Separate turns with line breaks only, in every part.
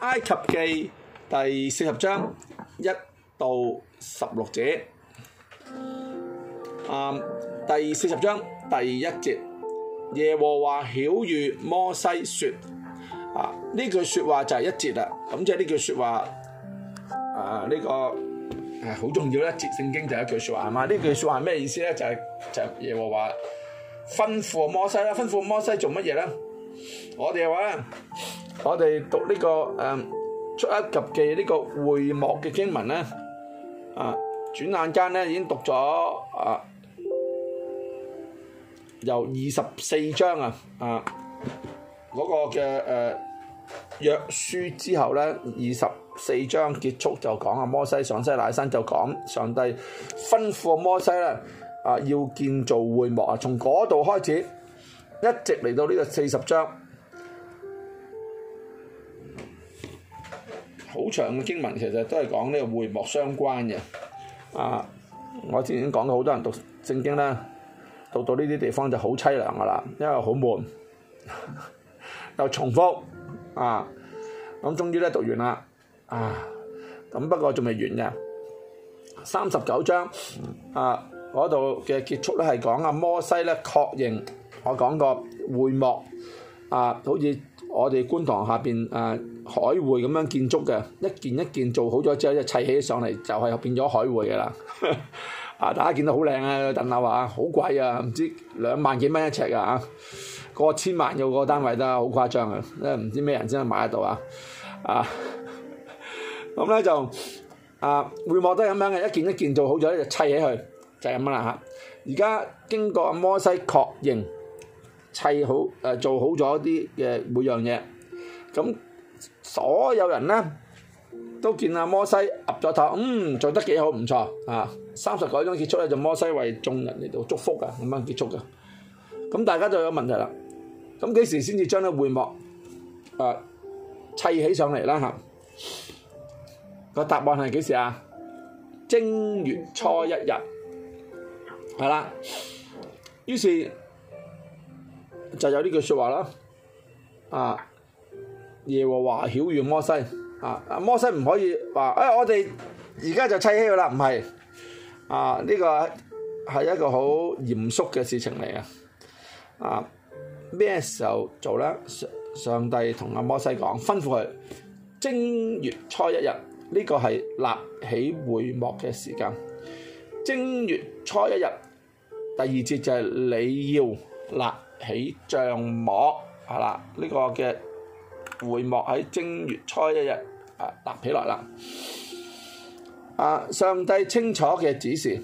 《埃及記第、嗯》第四十章一到十六節，啊，第四十章第一節，耶和華曉諭摩西説：啊，呢句説話就係一節啦。咁即係呢句説話，啊，呢、這個係好、啊、重要一節聖經就係、是、一句説話啊嘛。呢、嗯、句説話係咩意思咧？就係、是、就是、耶和華吩咐摩西啦，吩咐摩西做乜嘢咧？我哋嘅話咧。我哋讀呢個誒出埃及記呢個會幕嘅經文咧，啊，轉眼間咧已經讀咗啊由二十四章啊啊嗰個嘅誒約書之後咧，二十四章結束就講啊摩西上西奈山就講上帝吩咐阿摩西啦啊要建造會幕啊，從嗰度開始一直嚟到呢個四十章。好長嘅經文其實都係講呢個會幕相關嘅，啊！我之前講過，好多人讀聖經啦，讀到呢啲地方就好凄涼㗎啦，因為好悶，又重複，啊！咁終於咧讀完啦，啊！咁不過仲未完嘅，三十九章啊嗰度嘅結束咧係講阿摩西咧確認我講過會幕啊，好似～我哋觀塘下邊啊、呃、海匯咁樣建築嘅，一件一件做好咗之後，就砌起上嚟就係變咗海匯嘅啦。啊，大家見到好靚啊！等樓啊話啊，好貴啊，唔知兩萬幾蚊一尺啊，過千萬個單位都係好誇張啊，唔、啊、知咩人先買得到啊。啊，咁咧就啊，會幕都係咁樣嘅，一件一件做好咗就砌起去，就係咁啦嚇。而家經過摩西確認。砌好，誒做好咗啲嘅每樣嘢，咁所有人咧都見阿摩西岌咗頭，嗯，做得幾好，唔錯啊！三十九章結束咧，就摩西為眾人嚟到祝福啊，咁樣結束噶。咁大家就有問題啦，咁幾時先至將個會幕誒砌起上嚟啦？嚇，個答案係幾時啊？正月初一日，係啦，於是。就有呢句説話啦，啊耶和華曉諭摩西，啊啊摩西唔可以話，哎我哋而家就砌起佢啦，唔係，啊呢個係一個好嚴肅嘅事情嚟啊，啊咩時候做咧？上上帝同阿摩西講吩咐佢，正月初一日呢個係立起會幕嘅時間，正月初一日第二節就係你要立。起帳幕，係啦，呢、這個嘅會幕喺正月初一日啊立起來啦。啊，上帝清楚嘅指示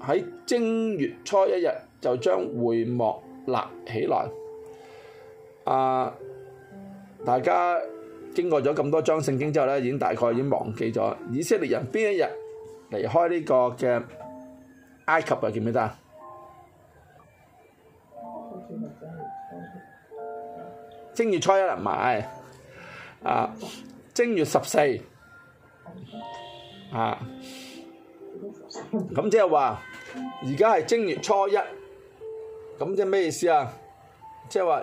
喺正月初一日就將會幕立起來。啊，大家經過咗咁多章聖經之後咧，已經大概已經忘記咗以色列人邊一日離開呢個嘅埃及啊，記唔記得？正月初一嚟買，啊，正月十四，啊，咁即係話，而家係正月初一，咁即係咩意思啊？即係話，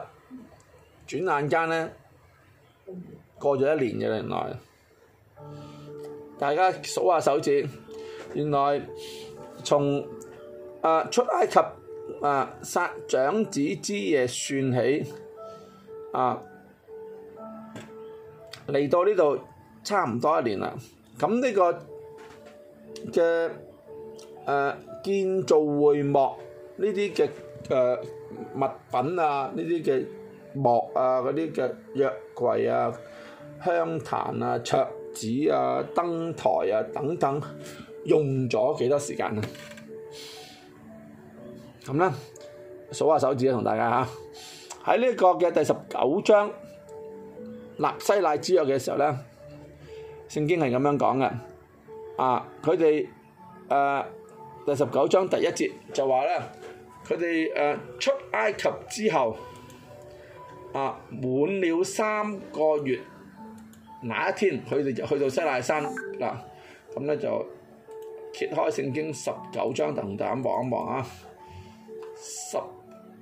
轉眼間咧，過咗一年嘅原來，大家數下手指，原來從啊出埃及啊殺長子之夜算起。啊！嚟到呢度差唔多一年啦，咁呢個嘅誒建造會幕呢啲嘅誒物品啊，呢啲嘅幕啊，嗰啲嘅約櫃啊、香壇啊、桌子啊、燈台啊等等，用咗幾多時間啊？咁啦，數下手指啊，同大家嚇。喺呢個嘅第十九章立西奈之約嘅時候咧，聖經係咁樣講嘅。啊，佢哋誒第十九章第一節就話咧，佢哋誒出埃及之後啊，滿了三個月那一天，佢哋就去到西奈山嗱。咁咧就揭開聖經十九章，等等望一望啊！十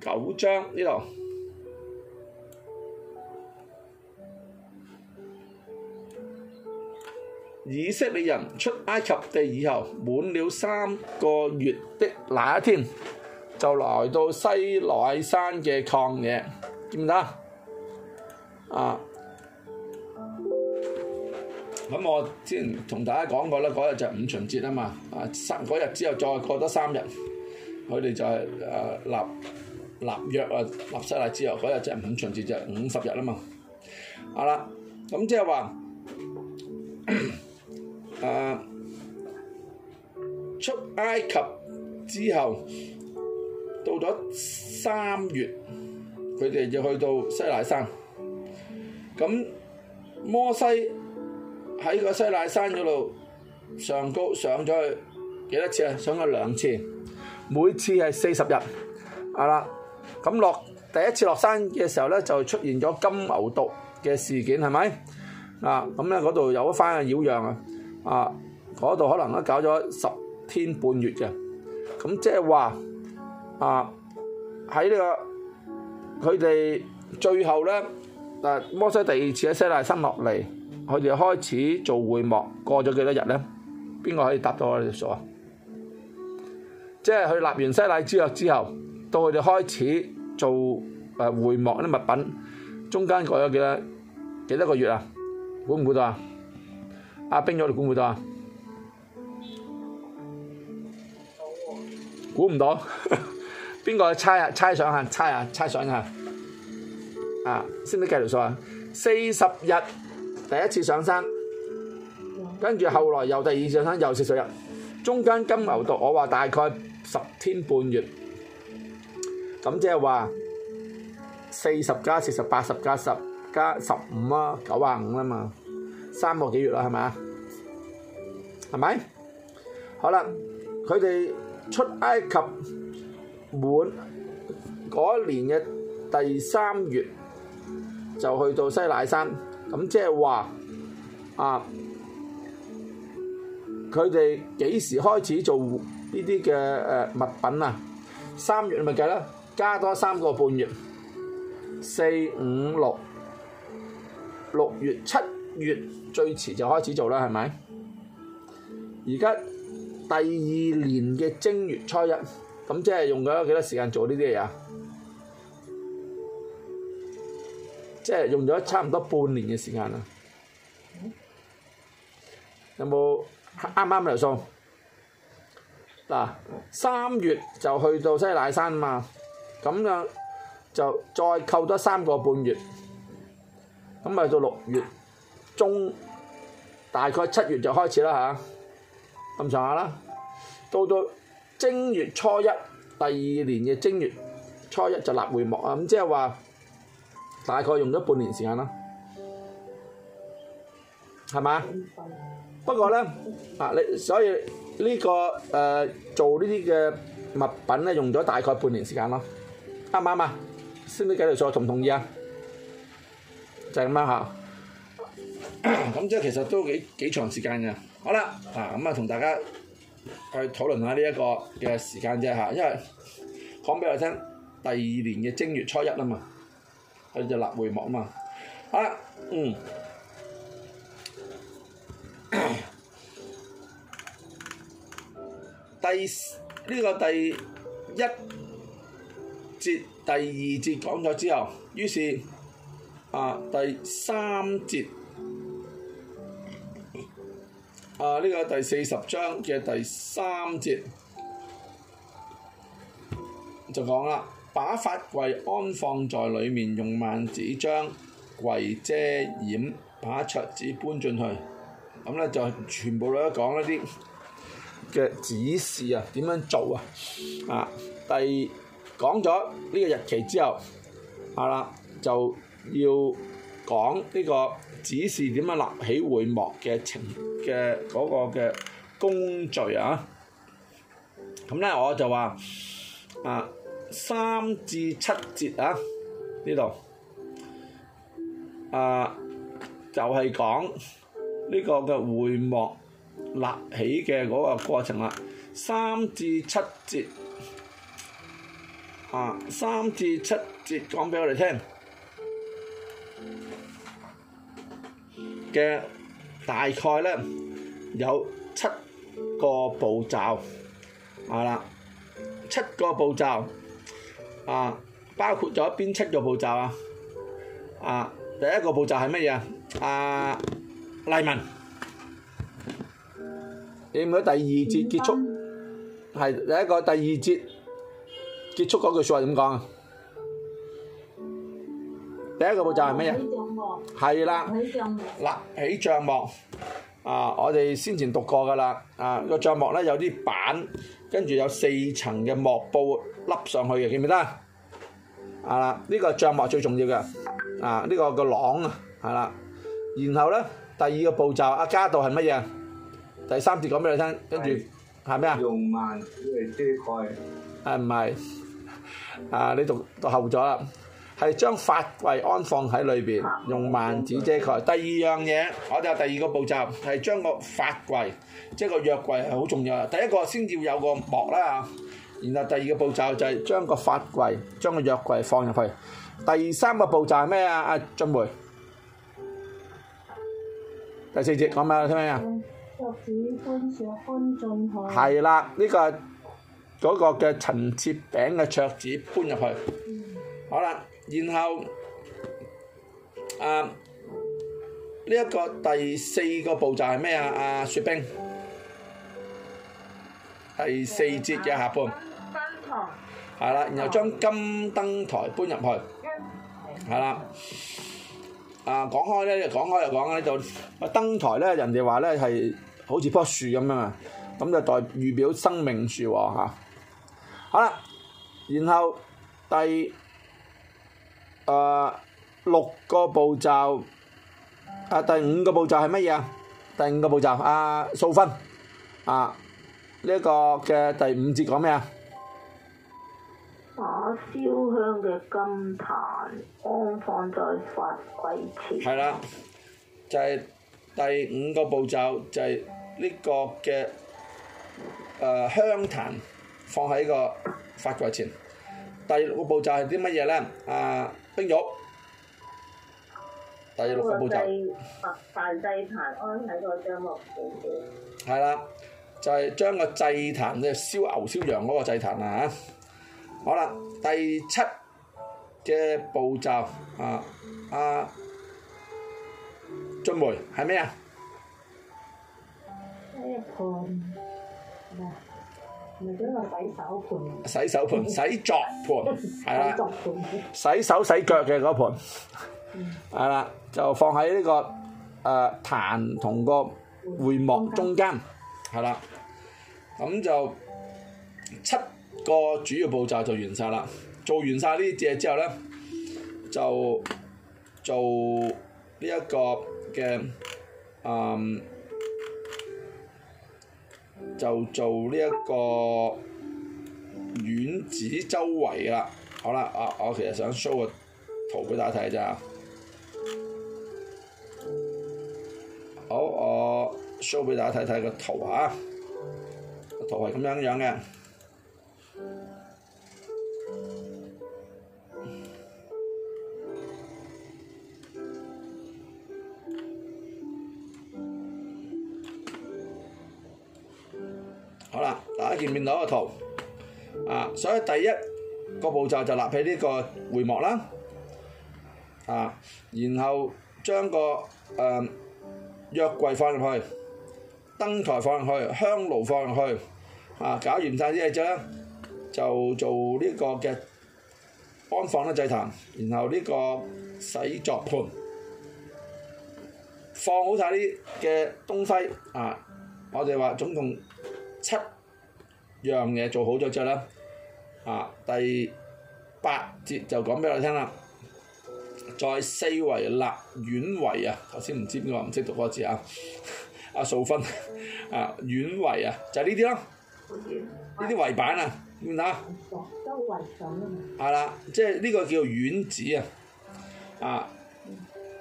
九章呢度。以色列人出埃及地以後，滿了三個月的那一天，就來到西奈山嘅曠野，見唔得？啊！咁我之前同大家講過啦，嗰日就係五旬節啊嘛，啊三嗰日之後再過多三日，佢哋就係啊立立約啊立誓啊之後，嗰日就係五旬節，就係五十日啊嘛。啊啦，咁即係話。出埃及之後，到咗三月，佢哋要去到西奈山。咁摩西喺個西奈山嗰度上高上咗去幾多次啊？上咗兩次，每次係四十日，啊啦。咁落第一次落山嘅時候咧，就出現咗金牛毒嘅事件，係咪啊？咁咧嗰度有一番嘅擾攘啊。啊，嗰度可能咧搞咗十天半月嘅，咁即係話啊，喺呢個佢哋最後咧，啊摩西第二次喺西奈山落嚟，佢哋開始做會幕，過咗幾多日咧？邊個可以答到我哋數啊？即係佢立完西奈之約之後，到佢哋開始做誒會幕嗰啲物品，中間過咗幾多幾多個月啊？估唔估到啊？阿冰玉，你估唔估到啊？估唔到，邊個猜啊？猜想下，猜下，猜想下，啊，識唔識計數啊？四十日第一次上山，跟住後來又第二次上山又四十日，中間金牛度，我話大概十天半月，咁即係話四十加四十八十加十加十五啊，九十五啊嘛，三個幾月啦，係咪啊？係咪？好啦，佢哋。出埃及滿嗰一年嘅第三月就去到西奈山，咁即係話啊，佢哋幾時開始做呢啲嘅誒物品啊？三月咪計啦，加多三個半月，四五六六月七月最遲就開始做啦，係咪？而家。第二年嘅正月初一，咁即係用咗幾多時間做呢啲嘢啊？即係用咗差唔多半年嘅時間啊！有冇啱啱嚟數？嗱，三月就去到西乃山啊嘛，咁啊就再扣多三個半月，咁啊到六月中大概七月就開始啦嚇。咁上下啦，到到正月初一，第二年嘅正月初一就立會幕啊！咁即係話，大概用咗半年時間啦，係嘛？嗯、不過咧，啊你所以呢、呢個誒、呃、做呢啲嘅物品咧，用咗大概半年時間咯，啱唔啱啊？先唔先繼續再同唔同意啊？就係咁樣吓，咁即係其實都幾幾長時間嘅。好啦，啊咁啊，同大家去討論下呢一個嘅時間啫嚇，因為講俾我聽，第二年嘅正月初一啊嘛，佢就是、立回幕啊嘛，啊嗯，第呢、這個第一節、第二節講咗之後，於是啊第三節。啊！呢、這個第四十章嘅第三節就講啦，把法櫃安放在裡面，用幔子將櫃遮掩，把桌子搬進去。咁、嗯、咧就全部都講一啲嘅指示啊，點樣做啊？啊，第講咗呢個日期之後，啊啦就要講呢、這個。指示點樣立起會幕嘅程嘅嗰、嗰個嘅工序啊？咁咧我就話啊，三至七節啊，呢度啊就係講呢個嘅會幕立起嘅嗰個過程啦。三至七節啊，三至七節講俾我哋聽，嘅大概呢有七個步驟，係啦，七個步驟啊，包括咗邊七個步驟啊？啊，第一個步驟係乜嘢？啊，黎文，你唔好第二節結束，係第一個第二節結束嗰句説話點講？第一個步驟係乜嘢？係啦，嗱，起帳幕啊！我哋先前讀過噶啦，啊個帳幕咧有啲板，跟住有四層嘅幕布笠上去嘅，記唔記得啊？啊，呢個帳幕最重要嘅，啊呢個個廊啊，係啦，然後咧第二個步驟，啊加到係乜嘢？第三節講俾你聽，跟住係咩啊？用慢嚟遮蓋。誒唔係，啊你讀到後咗啦。係將法櫃安放喺裏邊，用幔子遮蓋。第二樣嘢，我就第二個步驟係將個法櫃，即係個約櫃係好重要嘅。第一個先要有個幕啦，然後第二個步驟就係將個法櫃、將個約櫃放入去。第三個步驟係咩啊？阿俊梅，第四節講咩啊？桌子搬上搬進去。係啦，呢個嗰個嘅陳設餅嘅桌子搬入去。好啦。然後，啊，呢、這、一個第四個步驟係咩啊？啊雪冰，第四節嘅下半，係啦，然後將金燈台搬入去，係啦，啊講開咧，講開又講咧，就燈台咧，人哋話咧係好似棵樹咁樣啊，咁就代預表生命樹喎嚇。好啦，然後第。誒六個步驟，啊第五個步驟係乜嘢啊？第五個步驟，啊數分，啊呢一個嘅第五節講咩啊？把燒香嘅金壇安放在法櫃前。係啦，就係第五個步驟就係呢個嘅誒香壇放喺個法櫃前。第六個步驟係啲乜嘢咧？啊？冰玉，第六個步驟，佛係啦，就係將個祭壇，即係燒牛燒羊嗰個祭壇啊嚇。好啦，第七嘅步驟啊，啊，俊梅係咩啊？咪洗手盤，洗手盤、洗作盤，係啦， 洗手洗腳嘅嗰盤，係啦、嗯，就放喺呢、這個誒、呃、壇同個會幕中間，係啦間，咁就七個主要步驟就完晒啦。做完晒呢啲嘢之後咧，就做呢一個嘅，嗯。就做呢一個院子周圍啦，好啦、啊，我我其實想 show 個圖俾大家睇啫，啊，好我 show 俾大家睇睇個圖啊，個圖係咁樣樣嘅。前面攞個圖，啊！所以第一個步驟就立起呢個會幕啦，啊，然後將個誒約櫃放入去，燈台放入去，香爐放入去，啊，搞完曬啲嘢之後咧，就做呢個嘅安放咧祭壇，然後呢個洗濯盤，放好曬啲嘅東西，啊，我哋話總共七。樣嘢做好咗之後啦，啊，第八節就講俾我聽啦，再四圍立院圍啊，頭先唔知邊個話唔識讀嗰個字啊，阿素芬啊，啊院圍啊就係呢啲咯，呢啲圍板啊，見唔見啊？係啦，即係呢個叫院子啊，啊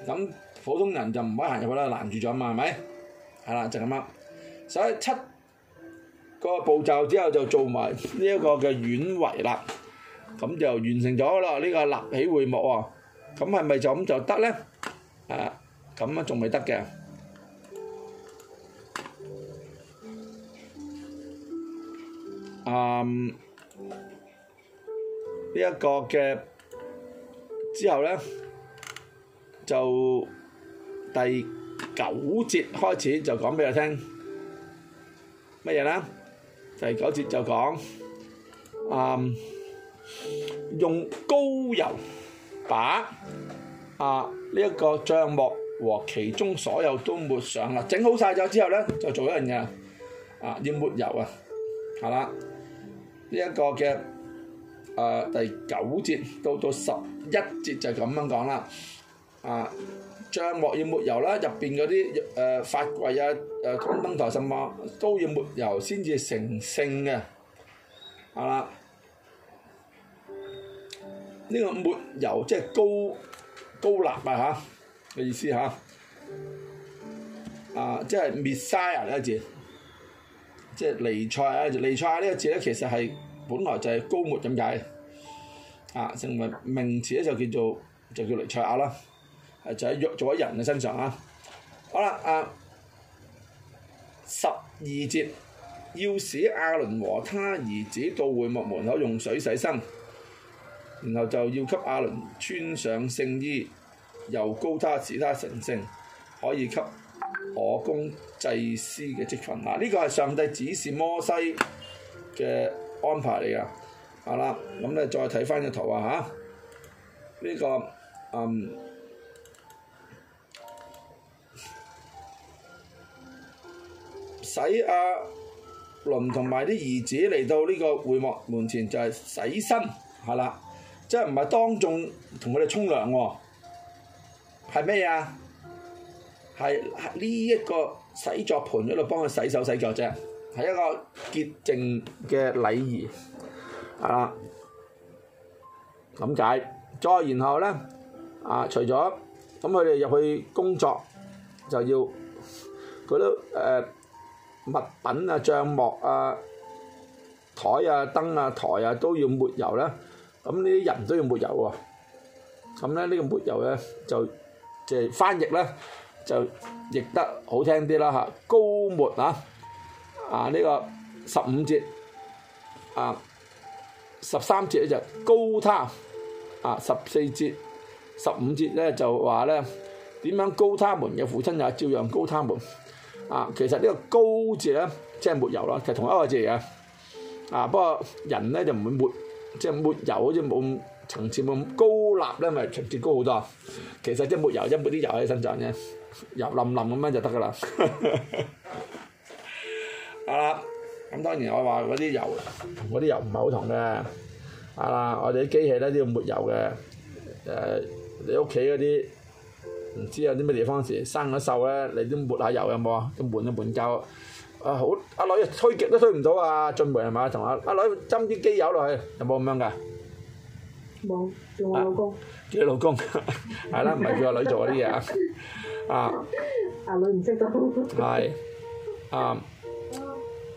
咁普通人就唔可以行入去啦，攔住咗啊嘛，係咪？係啦，就咁樣啦，所以七。個步驟之後就做埋呢一個嘅院圍啦，咁就完成咗啦。呢個立起會幕喎，咁係咪就咁就得咧？啊，咁啊仲未得嘅。啊，呢一個嘅之後咧，就第九節開始就講俾我聽，乜嘢咧？第九節就講，啊、嗯，用高油把啊呢一、這個帳幕和其中所有都抹上啦，整好晒咗之後咧，就做一樣嘢，啊，要抹油，這個、啊，係啦，呢一個嘅啊第九節到到十一節就咁樣講啦，啊。帳幕要抹油啦，入邊嗰啲誒法櫃啊、誒金燈台什麼都要抹油先至成聖嘅，啊！呢個抹油即係膏膏立啊嚇嘅意思嚇，啊即係 Messiah 啊呢個字，即係尼賽啊尼賽啊呢個字咧，其實係本來就係膏抹咁解，啊成為名詞咧就叫做就叫尼賽亞啦。就喺約，咗喺人嘅身上啊！好啦，誒十二節要使亞倫和他兒子到會幕門口用水洗身，然後就要給亞倫穿上聖衣，又膏他，使他成聖，可以給我供祭司嘅職份。嗱、啊，呢、這個係上帝指示摩西嘅安排嚟㗎。好啦，咁你再睇翻個圖啊！嚇、這個，呢個嗯。使阿倫同埋啲兒子嚟到呢個會幕門前，就係洗身係啦，即係唔係當眾同佢哋沖涼喎？係咩啊？係呢一個洗作盤喺度幫佢洗手洗腳啫，係一個潔淨嘅禮儀係啦。咁解，再然後咧，啊，除咗咁，佢哋入去工作就要佢都誒。物品啊、帳幕啊、台啊、燈啊、台啊都要抹油啦，咁呢啲人都要抹油喎。咁咧呢個抹油咧就即係翻譯咧就譯得好聽啲啦嚇，膏抹啊，啊呢個十五節啊，十三節咧就膏他啊，十四節十五節咧就話咧點樣膏他們嘅父親也照樣膏他們。啊，其實呢個高字咧，即係抹油啦，其實同一個字嚟嘅，啊不過人咧就唔會抹，即係抹油好似冇咁層次，冇咁高立咧，咪層次高好多。其實即係抹油，一抹啲油喺身上嘅，油淋淋咁樣就得㗎啦。 啊，咁當然我話嗰啲油同嗰啲油唔係好同嘅，啊，我哋啲機器咧都要抹油嘅，誒、啊，你屋企嗰啲。唔知有啲咩地方時生咗銹咧，你都抹下油有冇啊？都換都換夠，啊好阿女推極都推唔到啊！俊文係咪啊？同阿阿女斟啲機油落去，有冇咁樣噶？冇，叫我老公。叫你老公，係啦，唔係叫阿女做嗰啲嘢啊！啊，阿女唔識得。係，啊，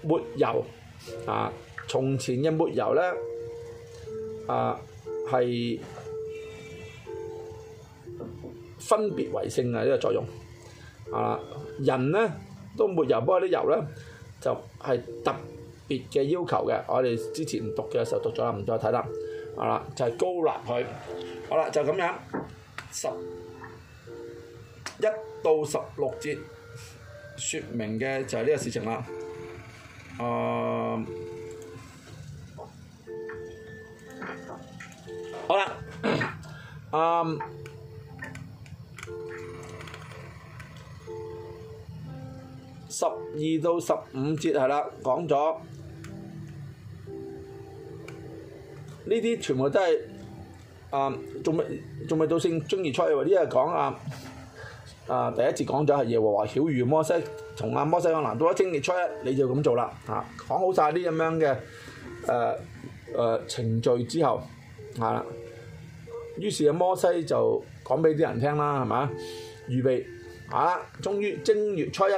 抹油啊，從前嘅抹油咧，啊係。分別為性啊呢，這個作用啊，人呢都沒油。不過啲油呢就係，是，特別嘅要求嘅。我哋之前讀嘅時候讀咗啦，唔再睇啦。啊啦，就係，是，高納佢。好啦，就咁樣十一到十六節説明嘅就係呢個事情啦。啊，好啦，嗯。 十二到十五節係啦，講咗呢啲全部都係、呃、啊，仲未仲未到正正月初一啲人講啊啊！第一節講咗係耶和華曉諭摩西同啊摩西亞拿多，正、啊、月初一你就咁做啦嚇，講好晒啲咁樣嘅誒誒程序之後啊，於是啊摩西就講俾啲人聽啦，係嘛？預備啊，終於正月初一。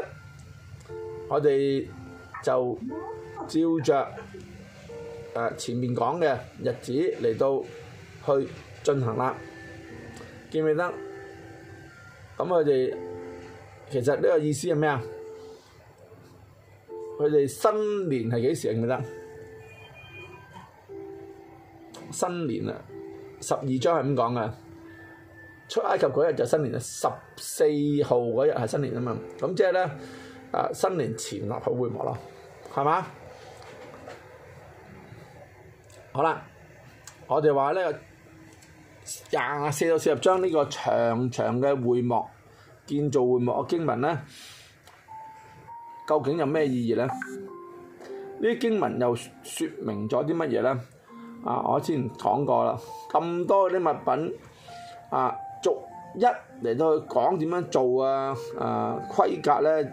我哋就照著誒前面講嘅日子嚟到去進行啦，見唔見得？咁佢哋其實呢個意思係咩啊？佢哋新年係幾時啊？記得？新年啊，十二章係咁講㗎，出埃及嗰日就新年啦，十四號嗰日係新年啊嘛。咁即係咧。誒新年前立好會幕咯，係嘛？好啦，我哋話咧廿四到四十章呢個長長嘅會幕建造會幕嘅經文咧，究竟有咩意義咧？呢啲經文又説明咗啲乜嘢咧？啊，我之前講過啦，咁多嗰啲物品啊，逐一嚟到去講點樣做啊，誒規格咧。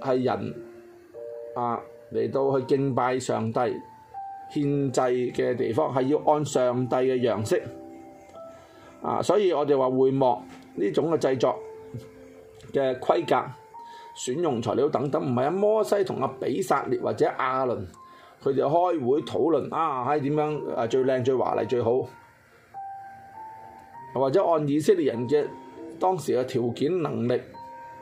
係人啊嚟到去敬拜上帝獻祭嘅地方，係要按上帝嘅樣式啊，所以我哋話會幕呢種嘅製作嘅規格、選用材料等等，唔係阿摩西同阿比撒列或者亞倫佢哋開會討論啊，係點樣啊最靚最華麗最好，或者按以色列人嘅當時嘅條件能力。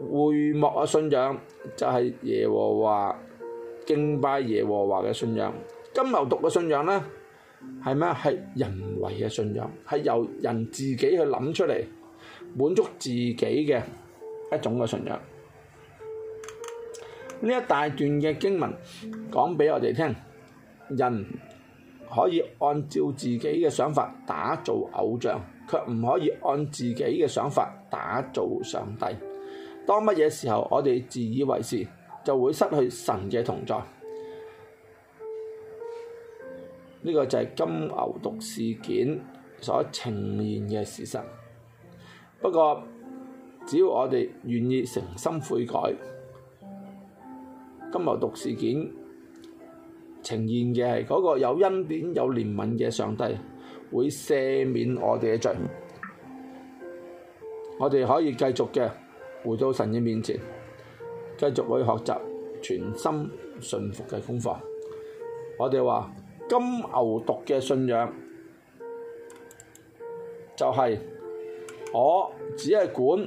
會幕嘅信仰就係耶和華敬拜耶和華嘅信仰。金牛犢嘅信仰呢，係咩？係人為嘅信仰，係由人自己去諗出嚟滿足自己嘅一種嘅信仰。呢一大段嘅經文講俾我哋聽，人可以按照自己嘅想法打造偶像，卻唔可以按自己嘅想法打造上帝。當乜嘢時候我哋自以為是，就會失去神嘅同在。呢個就係金牛犢事件所呈現嘅事實。不過，只要我哋願意誠心悔改，金牛犢事件呈現嘅係嗰個有恩典、有憐憫嘅上帝會赦免我哋嘅罪。我哋可以繼續嘅。回到神嘅面前，繼續去學習全心信服嘅功課。我哋話金牛犢嘅信仰就係我只係管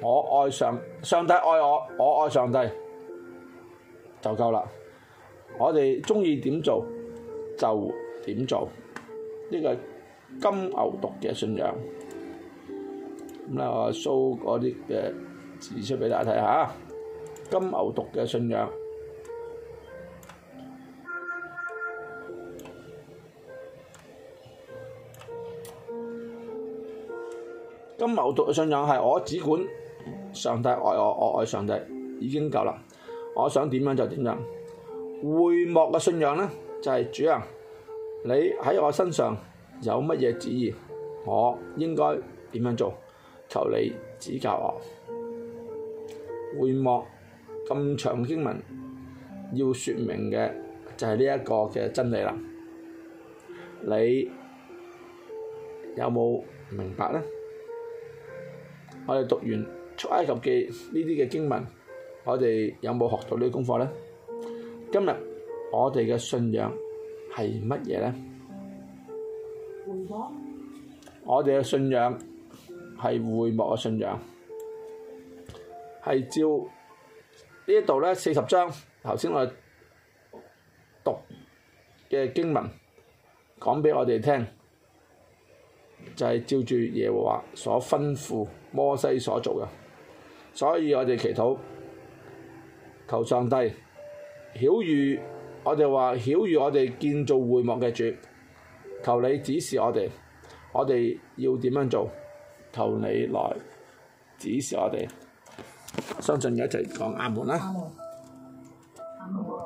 我愛上上帝愛我，我愛上帝就夠啦。我哋中意點做就點做，呢個係金牛犢嘅信仰。咁咧，我搜嗰啲嘅指出俾大家睇下。金牛犢嘅信仰，金牛犢嘅信仰係我只管上帝愛我，我愛上帝已經夠啦。我想點樣就點樣。會幕嘅信仰咧，就係主啊，你喺我身上有乜嘢旨意，我應該點樣做？求你指教我，回望咁長經文，要說明嘅就係呢一個嘅真理啦。你有冇明白咧？我哋讀完出埃及記呢啲嘅經文，我哋有冇學到呢啲功課咧？今日我哋嘅信仰係乜嘢咧？我哋嘅信仰。係會幕嘅信仰，係照這裏呢一度咧，四十章頭先我讀嘅經文講俾我哋聽，就係、是、照住耶和華所吩咐摩西所做嘅。所以我哋祈禱求上帝曉諭我哋，話曉諭我哋建造會幕嘅主，求你指示我哋，我哋要點樣做？求你來指示我哋，相信一齊講阿門啦。